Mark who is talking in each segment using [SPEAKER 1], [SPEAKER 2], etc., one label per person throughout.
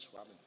[SPEAKER 1] schwammen.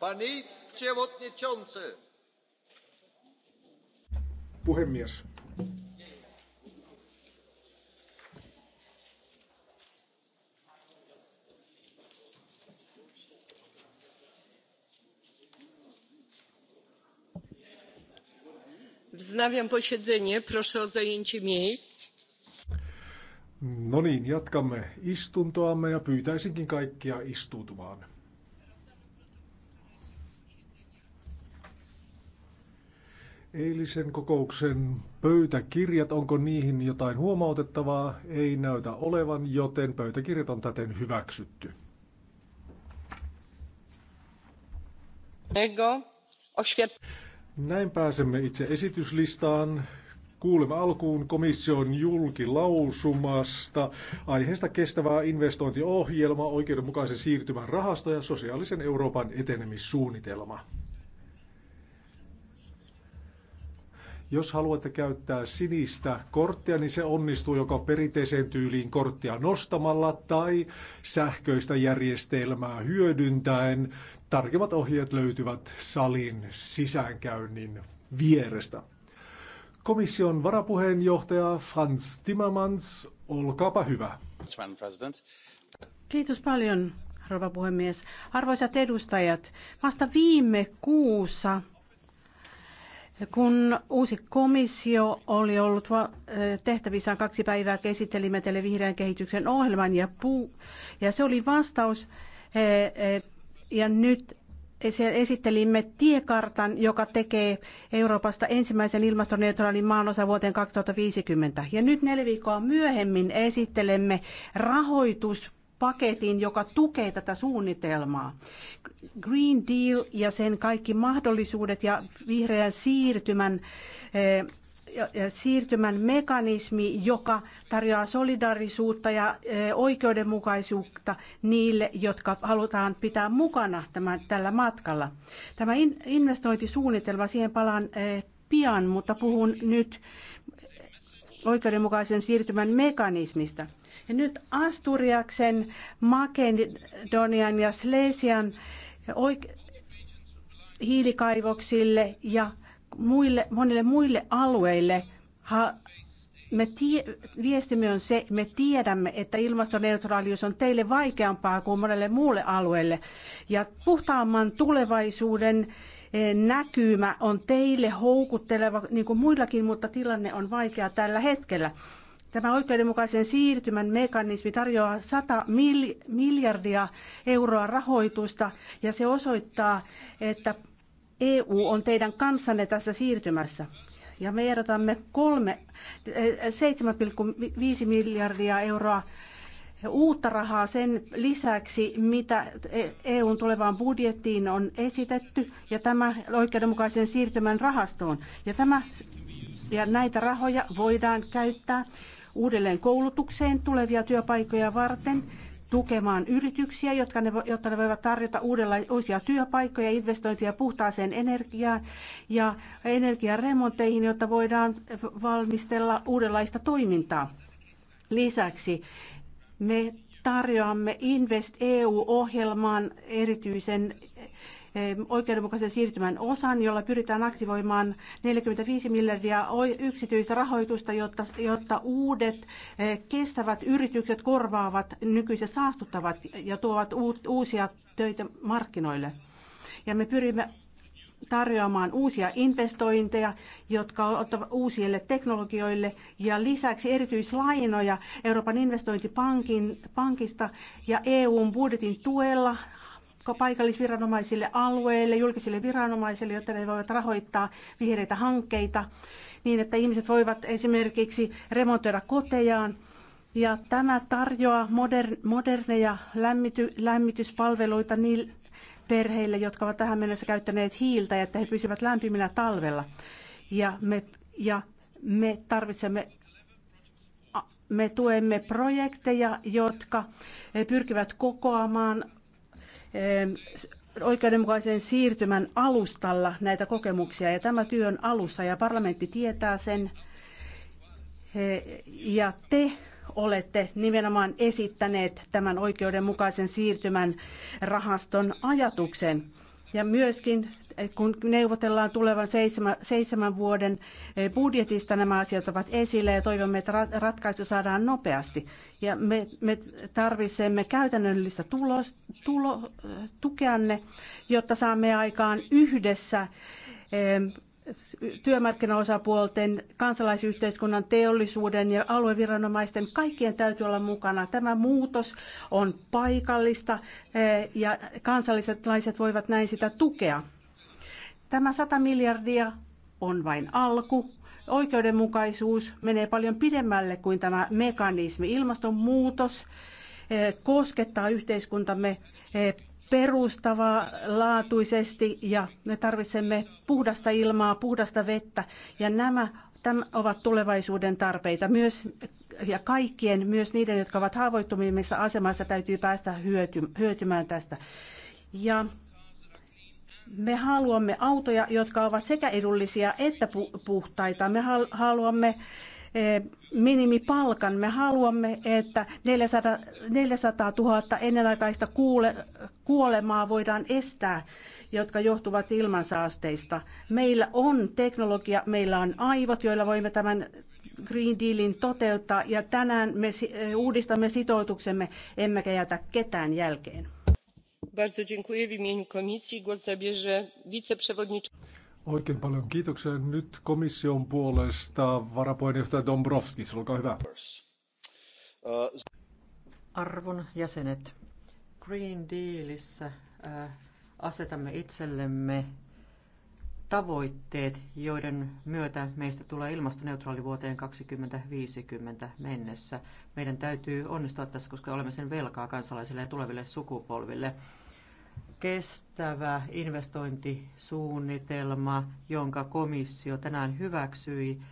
[SPEAKER 2] Pani
[SPEAKER 3] przewodniczący!
[SPEAKER 2] Puhemies.
[SPEAKER 4] Wznawiam posiedzenie. Proszę o zajęcie miejsc.
[SPEAKER 2] No niin, jatkamme istuntoamme ja pyytäisinkin kaikkia istuutumaan. Eilisen kokouksen pöytäkirjat, onko niihin jotain huomautettavaa? Ei näytä olevan, joten pöytäkirjat on täten hyväksytty. Näin pääsemme itse esityslistaan. Kuulemme alkuun komission julkilausumasta aiheesta kestävää investointiohjelma, oikeudenmukaisen siirtymän rahasto ja sosiaalisen Euroopan etenemissuunnitelma. Jos haluatte käyttää sinistä korttia, niin se onnistuu joko perinteiseen tyyliin korttia nostamalla tai sähköistä järjestelmää hyödyntäen. Tarkemmat ohjeet löytyvät salin sisäänkäynnin vierestä. Komission
[SPEAKER 3] varapuheenjohtaja Franz Timmermans, olkaapa hyvä. Kiitos paljon, rouva puhemies. Arvoisat edustajat, vasta viime kuussa kun uusi komissio oli ollut eh, tehtävissään kaksi päivää, käsittelimme teille vihreän kehityksen ohjelman ja, puu, ja se oli vastaus. Eh, eh, ja nyt esittelimme tiekartan, joka tekee Euroopasta ensimmäisen ilmastoneutraalin maanosa vuoteen 2050. Ja nyt neljä viikkoa myöhemmin esittelemme rahoitus paketin, joka tukee tätä suunnitelmaa. Green Deal ja sen kaikki mahdollisuudet ja vihreän siirtymän eh, siirtymän mekanismi, joka tarjoaa solidaarisuutta ja eh, oikeudenmukaisuutta niille, jotka halutaan pitää mukana tämän, tällä matkalla. Tämä investointisuunnitelma, siihen palaan eh, pian, mutta puhun nyt oikeudenmukaisen siirtymän mekanismista. Ja nyt Asturiaksen, Makedonian ja Slesian hiilikaivoksille ja muille, monille muille alueille ha, me tie, viestimme on se, me tiedämme, että ilmastoneutraalius on teille vaikeampaa kuin monelle muulle alueelle. Ja puhtaamman tulevaisuuden eh, näkymä on teille houkutteleva, niin kuin muillakin, mutta tilanne on vaikea tällä hetkellä. Tämä oikeudenmukaisen siirtymän mekanismi tarjoaa 100 miljardia euroa rahoitusta ja se osoittaa, että EU on teidän kanssanne tässä siirtymässä. Ja me ehdotamme 7,5 eh, miljardia euroa uutta rahaa sen lisäksi, mitä EUn tulevaan budjettiin on esitetty ja tämä oikeudenmukaisen siirtymän rahastoon. Ja, tämä, ja näitä rahoja voidaan käyttää uudelleen koulutukseen tulevia työpaikkoja varten, tukemaan yrityksiä, jotka ne, jotta ne voivat tarjota uusia työpaikkoja, investointeja puhtaaseen energiaan ja energiaremonteihin, jotta voidaan valmistella uudenlaista toimintaa. Lisäksi me tarjoamme Invest EU-ohjelmaan erityisen Eh, oikeudenmukaisen siirtymän osan, jolla pyritään aktivoimaan 45 miljardia yksityistä rahoitusta, jotta, jotta uudet eh, kestävät yritykset korvaavat nykyiset saastuttavat ja tuovat uusia töitä markkinoille. Ja me pyrimme tarjoamaan uusia investointeja, jotka ottavat uusille teknologioille ja lisäksi erityislainoja Euroopan investointipankista ja EUn budjetin tuella paikallisviranomaisille, alueille, julkisille viranomaisille, jotta ne voivat rahoittaa vihreitä hankkeita niin, että ihmiset voivat esimerkiksi remontoida kotejaan. Ja tämä tarjoaa moderneja lämmity, lämmityspalveluita niille perheille, jotka ovat tähän mennessä käyttäneet hiiltä, ja että he pysyvät lämpiminä talvella. Ja me, ja me tarvitsemme me tuemme projekteja, jotka eh, pyrkivät kokoamaan oikeudenmukaisen siirtymän alustalla näitä kokemuksia ja tämä työ on alussa ja parlamentti tietää sen. Ja te olette nimenomaan esittäneet tämän oikeudenmukaisen siirtymän rahaston ajatuksen. Ja myöskin, eh, kun neuvotellaan tulevan seitsemän, seitsemän vuoden eh, budjetista, nämä asiat ovat esillä ja toivomme, että ratkaisu saadaan nopeasti. Ja me, me tarvitsemme käytännöllistä tulos, tulo, eh, tukeanne, jotta saamme aikaan yhdessä työmarkkinaosapuolten, kansalaisyhteiskunnan, teollisuuden ja alueviranomaisten, kaikkien täytyy olla mukana. Tämä muutos on paikallista eh, ja kansalliset laiset voivat näin sitä tukea. Tämä 100 miljardia on vain alku. Oikeudenmukaisuus menee paljon pidemmälle kuin tämä mekanismi. Ilmastonmuutos eh, koskettaa yhteiskuntamme eh, perustavaa laatuisesti ja me tarvitsemme puhdasta ilmaa, puhdasta vettä ja nämä Tämä ovat tulevaisuuden tarpeita myös, ja kaikkien, myös niiden, jotka ovat haavoittumimmissa asemassa, täytyy päästä hyöty, hyötymään tästä. Ja me haluamme autoja, jotka ovat sekä edullisia että puhtaita. Me haluamme Eh, minimipalkan. Me haluamme, että 400 000 ennenaikaista kuule, kuolemaa voidaan estää, jotka johtuvat ilmansaasteista. Meillä on teknologia, meillä on aivot, joilla voimme tämän Green Dealin toteuttaa ja tänään me eh, uudistamme sitoutuksemme, emmekä jätä ketään jälkeen.
[SPEAKER 4] Bardzo dziękuję w imieniu komisji. Głos zabierze wiceprzewodniczący.
[SPEAKER 2] Oikein paljon kiitoksia. Nyt komission puolesta varapuheenjohtaja Dombrovskis, olkaa hyvä.
[SPEAKER 4] Arvon jäsenet, Green Dealissä äh, asetamme itsellemme tavoitteet, joiden myötä meistä tulee ilmastoneutraali vuoteen 2050 mennessä. Meidän täytyy onnistua tässä, koska olemme sen velkaa kansalaisille ja tuleville sukupolville kestävä investointisuunnitelma, jonka komissio tänään hyväksyi,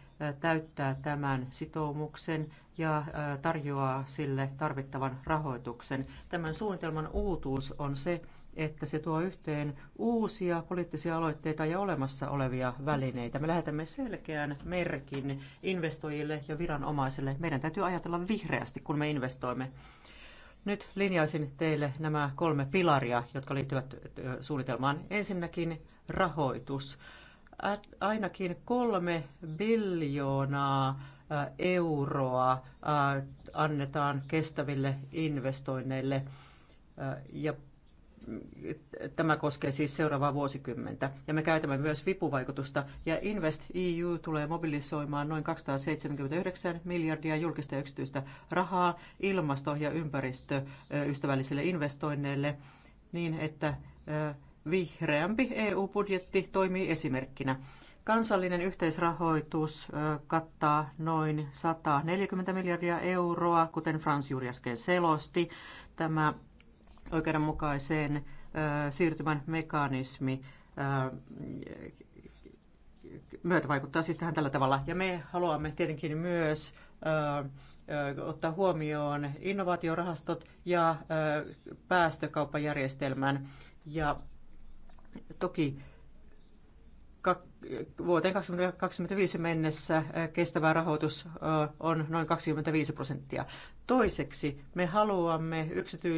[SPEAKER 4] täyttää tämän sitoumuksen ja tarjoaa sille tarvittavan rahoituksen. Tämän suunnitelman uutuus on se, että se tuo yhteen uusia poliittisia aloitteita ja olemassa olevia välineitä. Me lähetämme selkeän merkin investoijille ja viranomaisille. Meidän täytyy ajatella vihreästi, kun me investoimme. Nyt linjaisin teille nämä kolme pilaria, jotka liittyvät suunnitelmaan. Ensinnäkin rahoitus. Ainakin kolme biljoonaa euroa annetaan kestäville investoinneille ja Tämä koskee siis seuraavaa vuosikymmentä. Ja me käytämme myös vipuvaikutusta. Ja Invest EU tulee mobilisoimaan noin 279 miljardia julkista ja yksityistä rahaa ilmasto- ja ympäristöystävällisille investoinneille niin, että vihreämpi EU-budjetti toimii esimerkkinä. Kansallinen yhteisrahoitus kattaa noin 140 miljardia euroa, kuten Frans Jurjasken selosti. Tämä oikeudenmukaiseen siirtymän mekanismi myötä vaikuttaa siis tähän tällä tavalla. Ja me haluamme tietenkin myös ottaa huomioon innovaatiorahastot ja päästökauppajärjestelmän. Ja toki vuoteen 2025 mennessä kestävä rahoitus on noin 25 prosenttia. Toiseksi me haluamme yksityis